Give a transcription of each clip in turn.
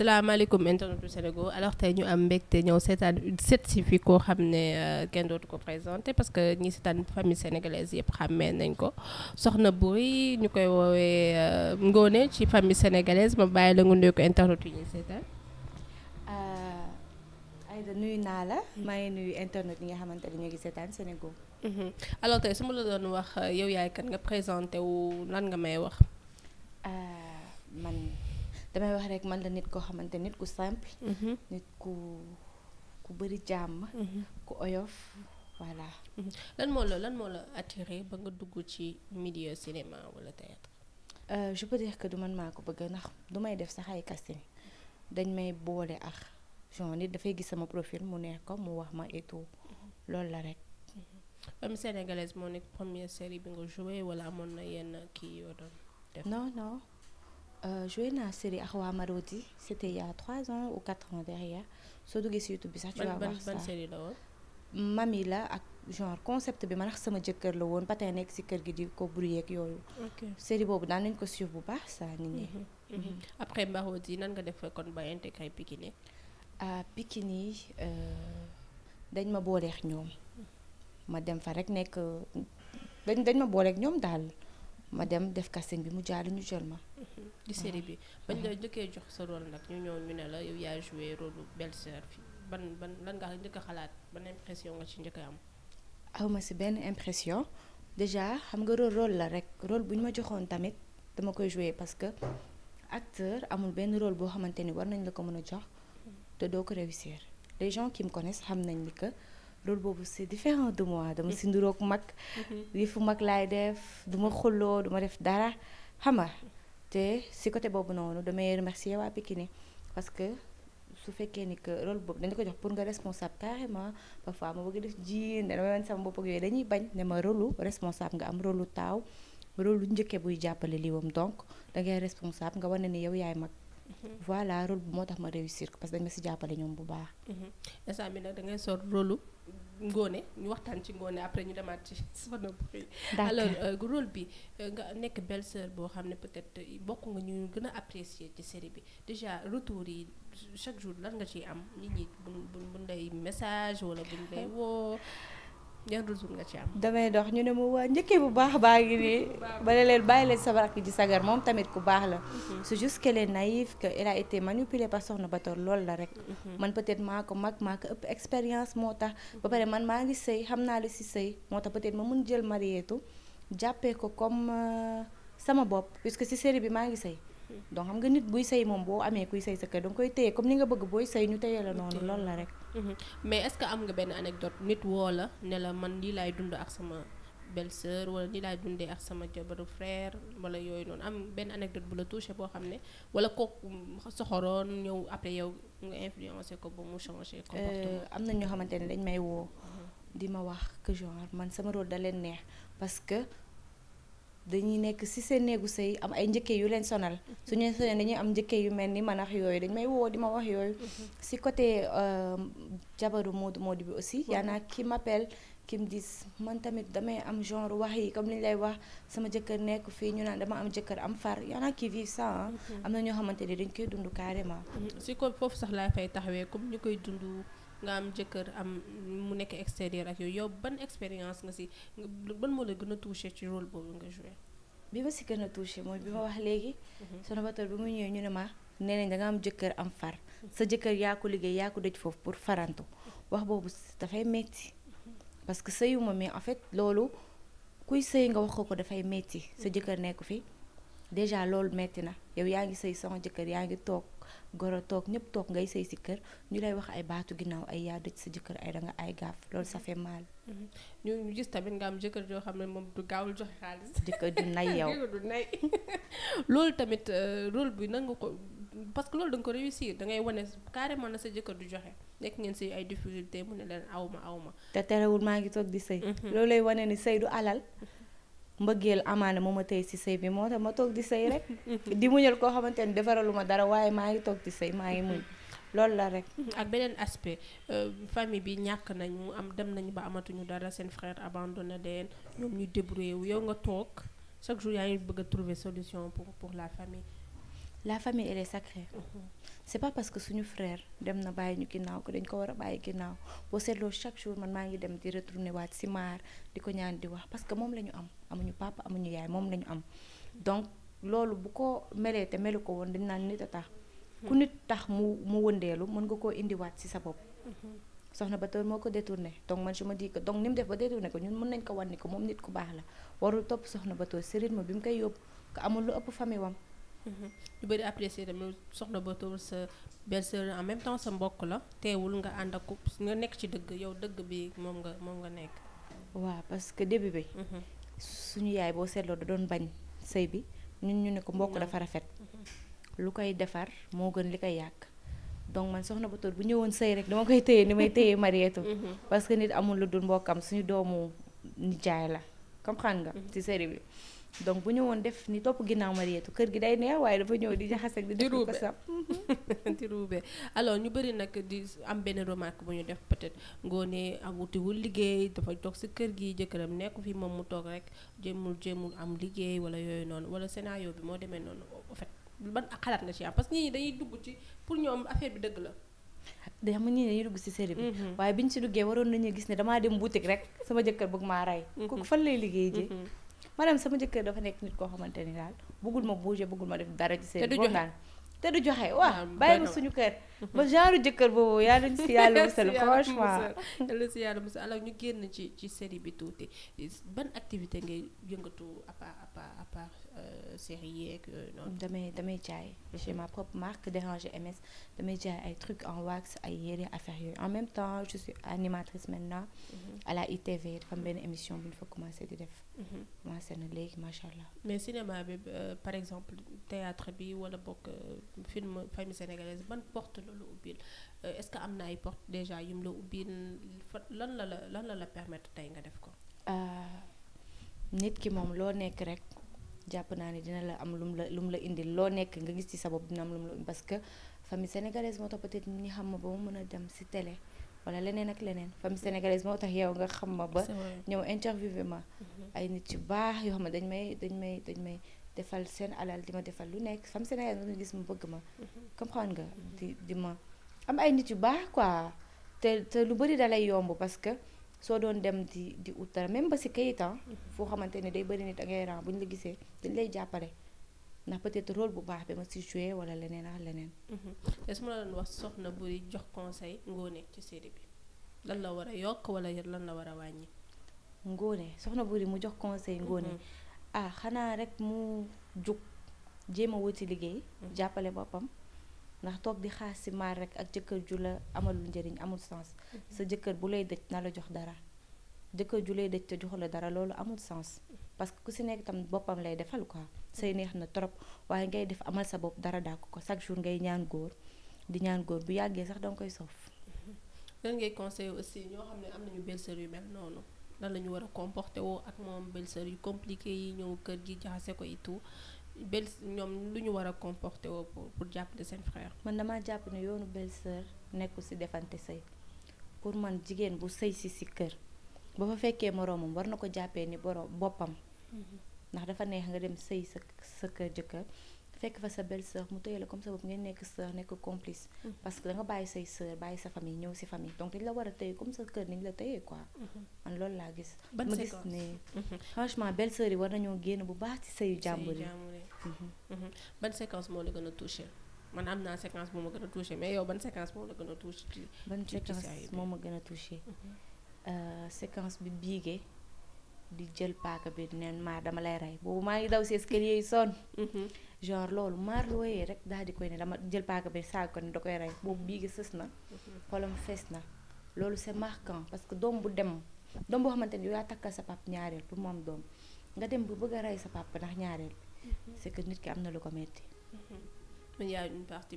salaamaaleykum internetu Sénégal alors ñu am mbégte ñëw seetaan set si fi koo xam ne euh, kenn dootu ko présenté parce que ñi seetaan famille sénégalaise yëpp xàmmee nañ ko soxna Boury ñu koy woowee euh, Ngoné ci famille sénégalaise ma bàyyi la nga nuyu ko internet yi ñuy seetaan. Euh, nuyu naa la. maa ngi nuyu internet yi nga xamante ne ñu ngi seetaan Sénégal. Mm-hmm. alors tey su ma la doon wax yow yaay kan nga présenté wu lan nga may wax. damay wax rek man la nit koo xamante nit ku simple. Mhm. nit ku ku bëri jàmm. Mhm. ku oyof voilà. Mhm. lan moo la lan moo la attiré ba nga dugg ci milieu cinéma wala théâtre. Euh, je peux dire que man maa ko bëgg ndax du may def sax ay casting dañ may boole ak genre nit dafay gis sama profil mu neex ko mu wax ma et tout loolu la rek. Famille sénégalaise moo nekk première série bi nga joué wala amoon na yenn kii yoo doon def. non non. Euh, joué naa série ak waa Marodi c'était il y a trois ans ou quatre ans derrière soo duggee si bi sax. tu vas voir ça ban série la mami la ak genre concept bi ma ak sama jëkkër la woon ba tey nekk si kër gi di ko brouillé ak yooyu. ok série boobu daal nañ ko suivre bu baax saa nit ñi. Mhm, mhm. Mhm. après Marodi nan nga def kon ba intégré Pikini. ah Pikini euh, dañ ma booleex ñoom ma dem fa rek nekk dañ dañ ma booleek ñoom daal. ma dem def casting bi mu jàll ñu jël ma. bi bañ la njëkkee jox sa rôle nag ñu ñëw ñu ne la yow yaa joué rôle belle-sœur fi ban ban lan nga njëkk a xalaat ban impression nga ci njëkk am. aw ma si benn impression déjà xam nga rôle rôle la rek role bu ñu ma joxoon tamit dama koy joué parce que acteur amul benn rôle boo xamante ni war nañ la ko mën a jox te doo ko réussir les xam nañ ni loolu boobu c'est différent de moi dama mm. si nduroog mag mm-hmm. fu mag laay def du ma xolloo du def dara xam nga te si côté boobu noonu damay remercier waa Pikine parce que su fekkee ni que rôle boobu dañu ko jox pour nga responsable carrément parfois ma bëgg def jiin dama wan sama bopp ak yooyu dañuy bañ ne ma rôlu responsable nga am rôlu taaw rôlu njëkkee buy jàppale lii liiwam donc da ngay responsable nga wane ni yow yaay mag Mm-hmm. voilà rôle bi moo tax ma réussir ko parce que si jàppale ñoom bu baax. Mm-hmm. instant bi nag da ngay sol rôle ngóone ñu waxtaan ci ngóone après ñu demaat ci sama noppi. alors euh, rôle bi euh, nga nekk belle sœur boo xam ne peut-être bokk nga ñu gën a apprécier ci série bi déjà retour yi chaque jour lan nga ciy am nit ñi bu bu bu ndey message wala bu ndey woo. yan retour nga ci am. damay dox ñu ne ma waa njëkkee bu baax baa ngi nii. ba ne leen bàyyi leen sama rakk ji sagar moom tamit ku baax la. Mhm. c'est juste qu'elle est naïve que elle a été manipulée par Soxna la rek. Mhm. man peut-être maa ko mag maa ko ëpp expérience moo tax. ba pare man maa ngi sëy xam naa li si sëy moo tax peut-être ma mun jël marietu jàppee ko comme euh, sama bopp puisque si série bi maa ngi sëy. Mhm. donc xam nga nit buy sëy moom boo amee kuy sëy sa kër danga koy téye comme ni nga bëgg booy sëy ñu téye la noonu loolu rek. Mhm. mais est-ce que am nga benn anecdote nit woo la ne la man lii laay dund ak sama belle-sœur wala lii laay dundee ak sama jabaru frère wala yooyu noonu am benn anecdote bu la touché boo xam ne wala kooku soxoroon ñëw après yow nga influencé ko ba mu changé euh, comportement am na ñoo xamante ne dañ may woo mhm. di ma wax que genre man sama rôle da leen neex parce dañuy nekk si seen néegu sëy am ay njëkkee yu leen sonal suñu sonal dañuy am njëkkee yu mel ni manax yooyu dañ may woo di ma wax yooyu mm-hmm. si côté euh, jabaru Modou Modou bi aussi y en kii mm-hmm. qui m'appelle qui me disent man tamit damay am genre wax yi comme li lay wax sama jëkkër nekk fii ñu naan dama am jëkkër am far y en a qui vivent mm-hmm. am na ñoo xamante ni dañ koy dund carrément si ko foofu sax laa fay taxawee comme ñu koy dundu nga am jëkkër am mu nekk extérieur ak yooyu yow ban expérience nga si ban moo la gën a toucher ci rôle boobu nga joué. bi ma si gën a touché mooy bi ma wax léegi. Mhm. Sonabatel bi mu ñëwee ñu ne ma nee nañ am jëkkër am far sa jëkkër yaa ko liggéey yaa ko dëj foofu pour farantu wax boobu dafay metti parce que sëyuma mais en fait loolu kuy sëy nga wax ko ko dafay metti sa mhm. jëkkër nekku fi. déjà loolu metti na yow yaa ngi sëy sama jëkkër yaa ngi toog goro toog ñëpp toog ngay sëy si kër ñu lay wax ay baatu ginnaaw ay yaa dëj sa jëkkër ay da nga ay gaaf loolu sa fait mal. Mm-hmm. ñu gis tamit nga am jëkkër joo xam ne moom du gaawul joxe xaalis. jëkkër du nay yow du loolu tamit euh, rôle bi nangu ko parce que loolu da nga ko réussir da ngay wane carrément na sa jëkkër du joxe nekk ngeen si ay difficulté mu ne leen awma awma te terewul maa ngi toog di sëy. Mm-hmm. loolu lay wane ni sëy du alal. mbëggeel amaana moo ma tëy si sëy bi moo tax ma toog di sëy rek di muñal koo xamante ni defaralu ma dara waaye maa ngi toog di sëy maa ngi muñ loolu la rek ak beneen aspect euh, famille bi ñàkk nañ mu am dem nañu ba amatuñu dara seen frère abandonné leen ñoom ñu débrouillé wu yow nga toog chaque jour yaa ngi bëgg a trouver solution pour pour la famille la famille elle est sacrée mhm. c'est pas parce que suñu frère dem na bàyyi ñu ginnaaw ko dañ ko war a bàyyi ginnaaw boo seetloo chaque jour man maa ngi dem di retourner waat si maar di ko ñaan di parce que moom la ñu am amuñu papa amuñu yaay moom lañu am donc loolu bu ko melee te melu ko woon dañ naan nit a tax ku nit tax mu mu wëndeelu mën nga koo indiwaat ci sa bopp soxna ba tóor moo ko détourné donc man je ma dis que donc ni mu def ba détourné ko ñun mën nañ ko wan ni ko moom nit ku baax la warul topp soxna ba tóor ci rythme bi mu koy yóbbu ko amul lu ëpp famille wam lu bëri apprécier tamit soxna ba tóor sa belle même temps sa mbokk la teewul nga ànd ak ko nga nekk ci dëgg yow dëgg bi moom nga moom nga nekk waaw parce que début bi mhm. suñu yaay boo seetloo da doon bañ sëy bi ñun ñu ne ko mbokk dafa rafet mm-hmm. lu koy defar moo gën li koy yàgg donc man soxna Batoor bu ñëwoon sëy rek dama koy téye ni may téye Mariétou mm-hmm. parce que nit amul lu dul mbokkam suñu doomu nijaay la comprendre nga mm-hmm. ci série bi donc bu ñëwoon def ni topp ginnaaw Marietou kër gi day neex waaye dafa ñëw di jaxase ak di def ko sab di ñu bëri nag di am benn remarque bu ñu def peut-être ngoone wutiwul liggéey dafa toog si kër gi jëkkëram nekku fi moom mu toog rek jéemul jéemul am liggéey wala yooyu noonu wala scénario bi moo demee noonu en fait xalaat nga ci parce que ñi dañuy dugg ci pour ñoom affaire bi dëgg la da xam nga ñii dañuy dugg si bi mhm. waaye si duggee waroon nañu gis ne damaa dem boutique rek sama jëkkër bëgg maa rey mhm. kooku fan lay liggéey ji mhm. maanaam sama jëkkër dafa nekk nit koo xamante ni daal bëggul ma bouger bëggul ma def dara ci seen te du joxe waa du joxe waaw ah, bàyyi ma suñu kër ba genre jëkkër boobu yàlla ñu si yàlla musal franchement yàlla si yàlla musal alors ñu génn ci ci série bi tuuti ban activité ngay yëngatu à part à part Euh, série yeeg yooyu euh, noonu. damay damay jaay j'ai ma propre marque Déranger MS damay jaay ay trucs en wax ay yére affaires yooyu en même temps je suis animatrice maintenant. Mhm. à la ITV dafa am benn émission bu ñu fa commencé di def. Mhm. commencé na léegi macha allah. mais cinéma bi euh, par exemple théâtre bi wala bokk film famille sénégalaise ban porte la la ubbil est-ce que am na ay porte déjà yum la ubbil fa lan la la lan la la permettre tey nga def ko. nit ki moom loo nekk rek. jàpp naa ne dina la am lu mu la lu mu la loo nekk nga gis ci sa bopp dina am lu mu la parce que famille sénégalaise moo tax peut ñi xam ma ba mu mën a dem si télé wala leneen ak leneen famille sénégalaise moo tax yow nga xam ma ba ñëw interviewé ma mm-hmm. ay nit yu baax yoo xam ne dañ may dañ may defal seen alal di ma defal lu nekk famille sénégalaise nga gis mu bëgg ma mm-hmm. comprendre nga di di ma am ay nit yu baax quoi te te lu bëri dalay yomb parce que soo doon dem di di ut dara même ba si kayit ah, foo xamante ne day bëri nit da ngay rang bu ñu la gisee dañ lay jàppale ndax peut-être rôle bu baax bi ma si joué leneen ak leneen. Mhm. te su ma doon wax soxna buy jox conseil Ngoné ci série bi lan la war a yokk wala lan la war a wàññi. Ngoné soxna buri mu jox conseil Ngoné mhm. ah xanaa rek mu jug jéem a wuti liggéey. Mhm. jàppale boppam. ndax toog di xaas si maar rek ak jëkkër ju la amalul njëriñ amul sens mm-hmm. sa jëkkër bu lay dëj na la jox dara jëkkër ju lay dëj te joxu la dara loolu amul sens parce que ku si nekk tam boppam lay defal quoi say neex na trop waaye ngay def amal sa bopp dara dàq ko chaque jour ngay ñaan góor di ñaan góor bu yàggee sax danga koy soof mm-hmm. lan ngay conseillé aussi ñoo xam ne am nañu belle-sœur yu mel noonu lan la war a comporté woo ak moom belle-sœur yu compliqué yi ñëw kër gi jaxase ko et belle ñoom lu ñu war a comporté woo pour pour jàppale seen frère. man damaa jàpp ne yoonu belle sœur nekkul ci defante sëy pour man jigéen bu sëy si si kër ba fa fekkee moroomam war na ko jàppee ni borom boppam. Mm-hmm. ndax dafa neex nga dem sëy sa sa kër jëkkër fekk fa sa belle sœur mu tëye la comme sa bopp ngeen nekk sœur nekk complice. Mm-hmm. parce que da bàyyi say sœur bàyyi sa famille ñëw si famille donc dañ la war a tëye comme sa kër niñ la tëyee quoi. Mm-hmm. man loolu laa gis. ma gis ne mm-hmm. franchement belle bu baax ci a touché man am naa séquence moo ma gën a touché mais yow ban séquence moo la a touché. ci euh, bi biige di jël paaka bi neen maa dama lay rey boobu maa ngi daw si escalier sonn. genre loolu maar looyee rek daal di koy ne dama jël paaka bi saag ko ne da koy rey boobu bii gi sës na xolam fees na loolu c'est marquant parce que doom bu dem doom boo xamante ne yow yaa takkal sa pap ñaareel pour moom doom nga dem bu bëgg a rey sa papa ndax ñaareel bi mm-hmm. c'est que nit ki am na lu ko metti mm-hmm. man yaa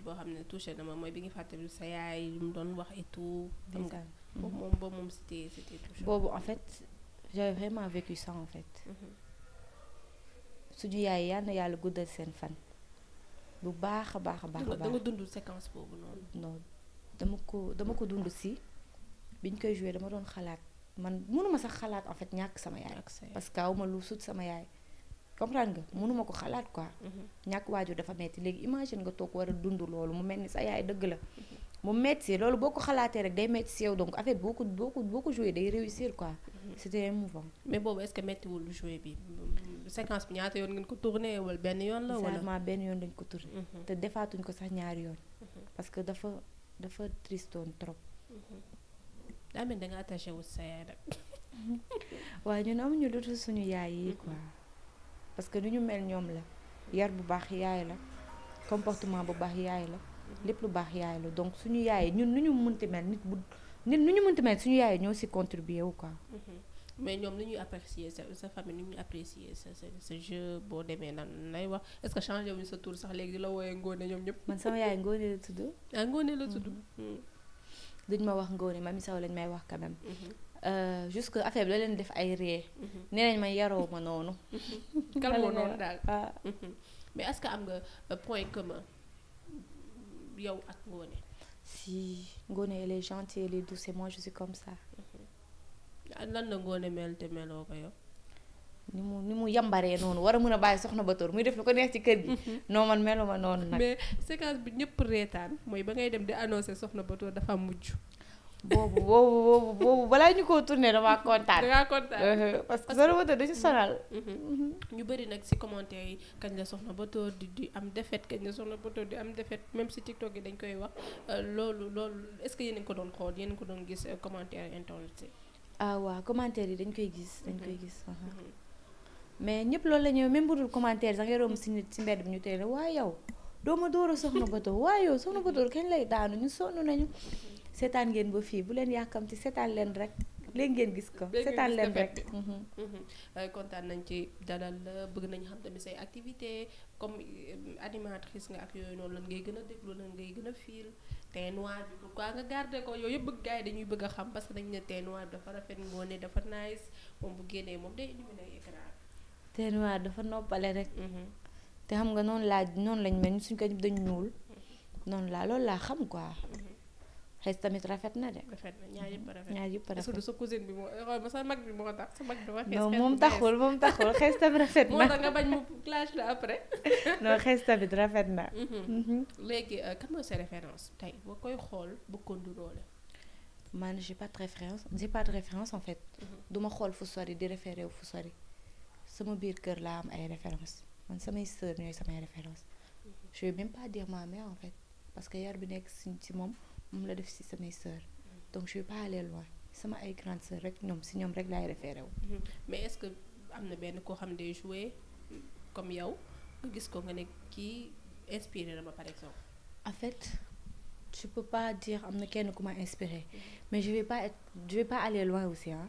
boo xam ne touché na ma mooy bi nga fàttali sa yaay mu doon wax et tout xam nga mm-hmm. boobu moom boobu boobu en fait j'avais vraiment vécu ça en fait suñu yaay yal na yàlla guddal seen fan bu baax a baax a baax a baax danga boobu noonu non dama ko dama ko dund si biñ koy joué dama doon xalaat man mënuma sax xalaat en fait ñàkk sama yaay parce que awma lu sut sama yaay comprendre nga mënuma ko xalaat quoi mhm. ñàkk waajur dafa metti léegi imagine nga toog war a dund loolu mu mel ni sa yaay dëgg la mu metti loolu boo ko xalaatee rek day metti si yow donc affaire boo ko boo ko boo ko joué day réussir quoi mhm. c'était émouvant mais boobu est-ce que méttiwul séquence bi ñaata yoon ngeen ko tourné wala benn yoon la. wala benn yoon lañ ko tourné. Mhm. te defaatuñ ko sax ñaari yoon. Mhm. parce que dafa dafa tristoon trop. daa mhm. mel da wu sa yaay nag. waaye ñun amuñu lu suñu yaay yi parce que nu ñu mel ñoom la yar bu baax yaay la comportement bu baax yaay la lépp lu baax yaay la donc suñu yaay ñun nu ñu munti mel nit bu nit nu ñu munti mel suñu yaay ñoo si contribué wu quoi. mais ñoom li ñuy apprécier sa sa famille ni ñuy apprécier sa sa sa jeu boo demee na lay wax est-ce que wuñ sa tur sax léegi di la wooyee Ngone ñoom ñëpp. man sama yaay Ngone la tudd. ah Ngone la tudd. Mm-hmm. Mm. duñ ma wax Ngone mami saw lañ may wax quand même. Mm-hmm. Euh, jusque affaire bi la leen def ay ree. Mm-hmm. nee nañ ma yaroo ma noonu. kalmoo noonu daal ah. mais est que am nga euh, point commun yow ak Ngone. si Ngone elle est gentille elle est douce et moi je comme ça. lan la ngoone mel te meloo ko yow. ni mu ni mu yambaree noonu war a mën a bàyyi soxna Batoor muy def lu ko neex ci kër gi. Mhm. noo man melu ma noonu nag. mais séquence bi ñëpp reetaan mooy ba ngay dem di annoncé soxna Batoor dafa mujj. boobu boobu boobu balaa ñu koo tourné damaa kontaan. damaa kontaan parce que soxna Batoor dañu sonal. Mhm. Mhm. ñu bëri nag si commentaire yi kañ la soxna Batoor di di am defet kañ la soxna Batoor di am defet même si TikTok yi dañ koy wax euh, loolu loolu est-ce que yéen ko doon xool yéen ko doon gis euh, commentaire internet ah waaw commentaire yi dañ koy gis dañ mhm. koy gis mhm. mais ñëpp loolu la ñëw même budul commentaire sax nga si nit si mbedd bi ñu teel waa yow dooma dóora soxna Bato waaye yow soxna Bato kañ lay daanu ñu sonn nañu mhm. seetaan ngeen ba fii bu leen yàkkamti seetaan leen rek léegi ngeen gis ko seetaan leen rek mhm. euh, kontaan nañ ci dalal bëgg nañ xam tamit say activité comme euh, animatrice nga ak yooyu noonu lan ngay gën a déglu lan ngay gën a fiil teint noir bi pourquoi nga garder ko yooyu yëpp bëgg gars dañuy bëgg xam parce que dañu ne teint noir dafa rafet ngoo ne dafa nice moom bu génnee moom day indi ay écran teint noir dafa noppale rek mhm. te xam nga noonu laa noonu lañ mel ni suñ ko dañ ñuul mhm. noonu laa loolu laa xam quoi xees tamit rafet na de. rafet na ñaar yëpp rafet ñaar sa mag bi moo tax sa mag bi wax. moom taxul moom taxul xees tamit rafet na. moo tax nga bañ mu clash la après. non xees tamit rafet na. Mhm. Mhm. léegi euh, kan mooy sa tey boo koy xool bëggoon du doole. man j'ai pas de référence j'ai mhm. ma xool fu sori di référé fu sori. sama biir kër laa am ay référence man samay sœur samay référence je vais même pas dire ma en fait parce que yar bi nekk si ci moom. moom la def si samay sœurs donc je vais pas aller loin sama ay grandes sœurs rek ñoom si ñoom rek laay référé wu. Mm-hmm. mais est-ce que am na benn koo xam ne joué comme yow nga gis ko nga ne kii inspiré na ma par exemple. en fait je peux pas am na kenn ku ma inspiré mm-hmm. mais je vais pas être je vais pas aller loin aussi ah.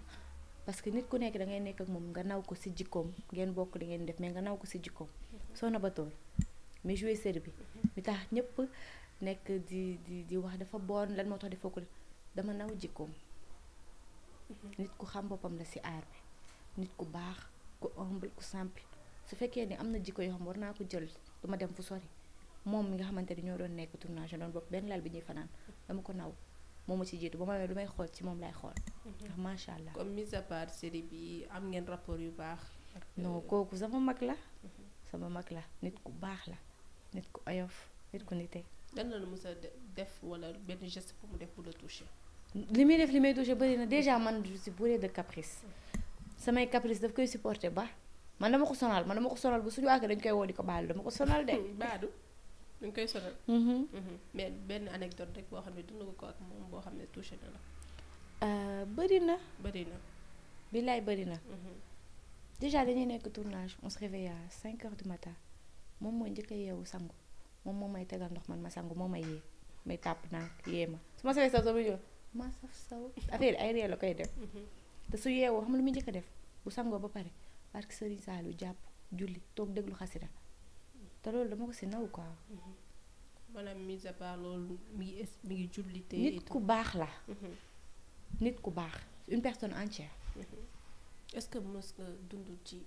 parce que nit ku nekk da ngay nekk ak moom nga naw ko si jikkoom ngeen bokk li ngeen def mais nga naw ko si jikkoom. Mm-hmm. soo na ba mais joué série bi. mi tax ñëpp. nekk di di di wax dafa bon lan moo tax defoo ko dama naw jikkoom mhm. nit ku xam boppam la si aar bi nit ku baax ku humble ku simple su fekkee ni am na jikko yoo xam war naa ko jël duma dem fu sori moom mi nga xamante ni ñoo doon nekk tournage doon bokk benn lal bi ñuy fanaan dama ko naw moom ma ci jiitu ba ma ne lu may xool ci moom lay xool. Mhm. ndax macha allah. comme mise à part série bi am ngeen rapport yu baax. Euh, non kooku sama mag la. Mhm. sama mag la nit ku baax la nit ku oyof nit nite lan la mës a def wala benn geste pour mu def pour la toucher. li muy def li may toucher bëri na déjà man je suis bourrée de caprice samay caprice daf koy supporter ba man dama ko sonal man dama ko sonal bu suñu waakee dañ koy woo di ko baal dama ko sonal de. baadu dañ koy sonal. Mm-hmm. Mm-hmm. mais benn anecdote rek boo xam ne dund ko ak moom boo xam ne touché na la. Euh, bëri na. bëri na. billaay bëri na. Mm-hmm. déjà dañuy nekk tournage on se réveille à heures du matin moom mooy njëkk a yeewu sangu. moom moom may tegal ndox man ma sangu moo may yee may tàpp naan yee ma su ma sawee saw sama yoon affaire ay la koy def mhm. te su yeewoo xam lu muy njëkk a def bu sangoo ba pare barke Sëriñ Saalu jàpp julli toog déglu xasida te loolu dama ko si naw quoi. maanaam mise à part loolu mi ngi mi ngi julli te nit ku baax la. Mhm. nit ku baax une personne entière. Mhm. est-ce que mës nga dund ci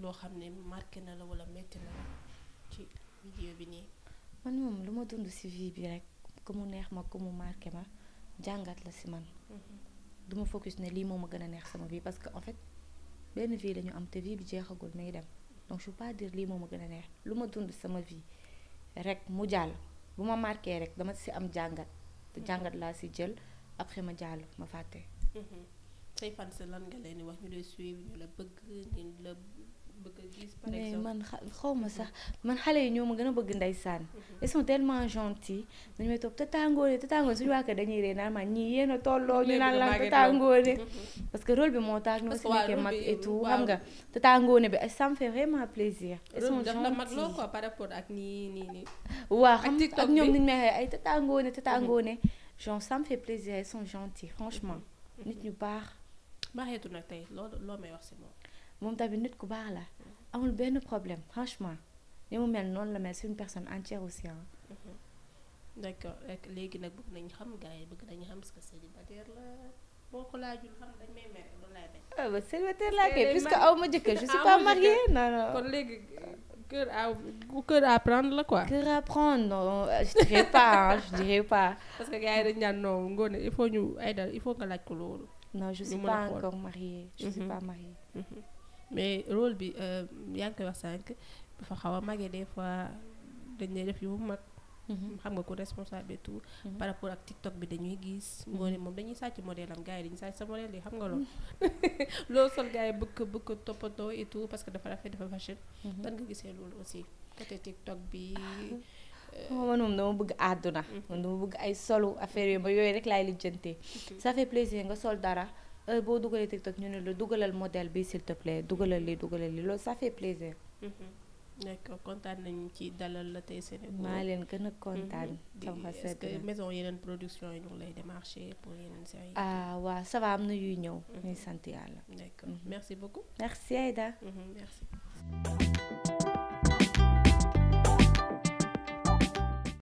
loo xam ne marqué na la wala metti na la ci milieu bi nii. man moom lu ma dund si vie bi rek ku mu neex ma ku mu ma jàngat la si man. Mhm. duma ma focus ne lii moom ma gën a neex sama vie parce que en fait benn vie la am te vie bi jeexagul mi ngi dem donc je peux pas dire lii moo ma gën a neex lu ma dund sama vie rek mu jàll bu ma marqué rek dama si am jàngat. te mhm. jàngat laa si jël après ma jàll ma fàtte. Mhm. say fans lan nga leen wax ñu lay suivre ñu la bëgg ñu la. mais man xaw ma sax mhm. man xale yi ñoom ma gën a bëgg ndeysaan mhm. ils sont tellement gentils dañu may toog tata Ngoné tata Ngoné suñu waa kër dañuy ree naan ñii yéen tolloo ñu naan lan tata mhm. que rôle bi moo tax ñu aussi nekkee mag et tout xam nga tata Ngoné bi ça me fait vraiment plaisir ils sont gentils par rapport ak nii nii nii waaw xam nga ak ñoom niñu may xëy ay tata Ngoné tata Ngoné genre ça me fait plaisir ils sont franchement nit ñu baax baaxeetu nag tey loolu loo wax si moom tamit nit ku baax la amul benn problème franchement ni mel noonu la mel c'est une personne entière aussi ah. d'accord léegi nag bëgg xam gars yi bëgg la boo ko laajul xam dañ may mer loolu laay bañ. ah ba célibataire laa kay puisque aw ma jëkkër je suis pas mariée non non. kon léegi cœur à cœur à prendre la quoi. cœur à prendre non je dirais pas je dirais pas. parce que gars yi dañu naan non ngoone il faut ñu ay dal il faut nga laaj ko loolu. non je mais rôle bi euh, yaa ngi koy wax sànq dafa xaw a màggee des fois dañ lay def yu mag. Mhm. xam nga ko responsable tout. Mhm. par rapport ak TikTok bi dañuy gis. Mhm. ngoone moom dañuy sàcc modèle am gars yi dañuy sàcc sa modèle yi xam nga loolu. loolu sol gars yi bëgg bëgg toppatoo it tout parce que dafa rafet dafa fashion. dan nga gisee loolu aussi côté TikTok bi. Ah, euh, man moom dama bëgg àdduna. man dama bëgg ay solu affaire yooyu ba yooyu rek laay lijjantee. ça fait nga sol dara. heure boo dugalee TikTok ñu ne la dugalal modèle bi s'il te plaît dugalal li dugalal li loolu ça fait plaisir. Mhm. d'accord kontaan nañu ci dalal la tey Sénégal. maa leen gën a kontaan. sama mhm. est-ce que maison yeneen production yi ñu lay démarcher pour yeneen série. ah waaw ça am na yuy ñëw. Mhm. ñuy sant yàlla. d'accord merci beaucoup. merci Aïda.